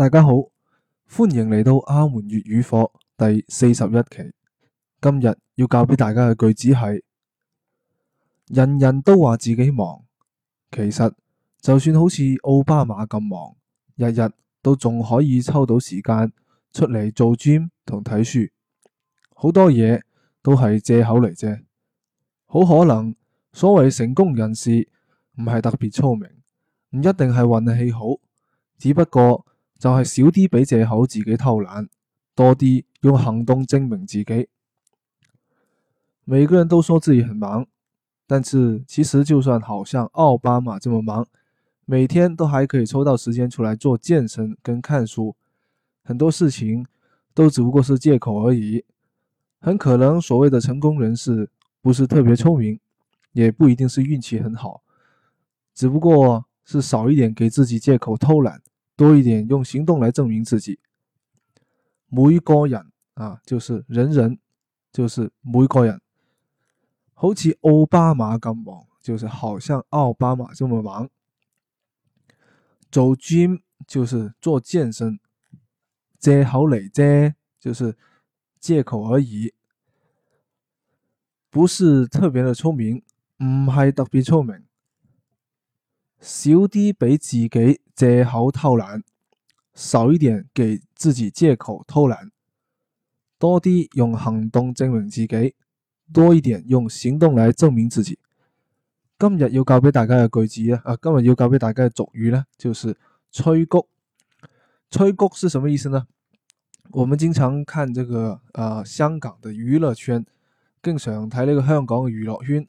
大家好，歡迎嚟到阿門粵語課第四十一期。今日要教俾大家嘅句子係：人人都話自己忙，其實就算好似奧巴馬咁忙，日日都仲可以抽到時間出嚟做 gym 同睇書，好多嘢都係借口嚟啫。好可能所謂成功人士唔係特別聰明，唔一定係運氣好，只不過，就係少啲俾自己借口偷懶，多啲用行動證明自己。每個人都說自己很忙，但是其實就算好像奧巴馬這麼忙，每天都還可以抽到時間出來做健身跟看書。很多事情都只不過是借口而已。很可能所謂的成功人士，不是特別聰明，也不一定是運氣很好，只不過是少一點給自己借口偷懶。多一點用行動來證明自己。每個人啊，就是人人，就是每個人。好似奧巴馬咁忙，就是好像奧巴馬這麼忙。做 gym 就是做健身，借口嚟啫，就是借口而已，不是特別的聰明，唔係特別聰明，少啲俾自己。借口偷懶，少一點給自己借口偷懶，多啲用行動證明自己，多一點用行動來證明自己。今日要教俾大家嘅句子咧，啊，今日要教俾大家嘅俗語呢，就是催谷。催谷是什麼意思呢？我們經常看這個，啊、呃，香港的娛樂圈，更常睇呢個香港的娛樂圈，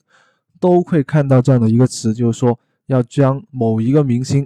都會看到這樣的一個詞，就是說要將某一個明星。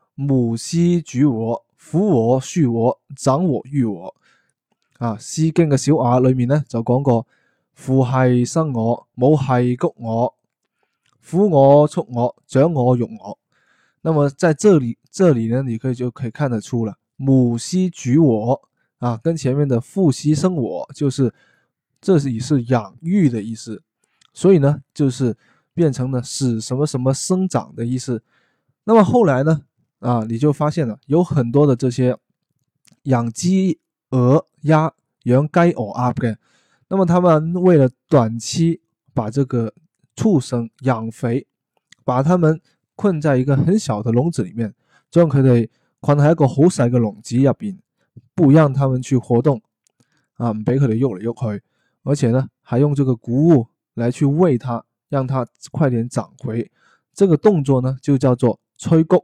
母兮主我，撫我，舒我，長我，育我啊。《詩經》嘅小雅裏面呢就講過父兮生我，母兮谷我，撫我，畜我，長我，育我，那麼在這裏這裏呢，你可以就可以看得出了，母兮主我啊，跟前面的父兮生我，就是這是裏是養育的意思，所以呢，就是變成了使什麼什麼生長的意思，那麼後來呢？啊，你就發現了，有很多的這些養雞、鵝、鴨、養、雞、鵝、鴨啊，那麼他們為了短期把這個畜生養肥，把它們困在一個很小的籠子裏面，這樣可以困在一個好細嘅籠子入邊，不讓他們去活動，啊，唔俾佢哋喐嚟喐去，而且呢，還用這個谷物來去餵它，讓它快點長回，這個動作呢，就叫做催谷。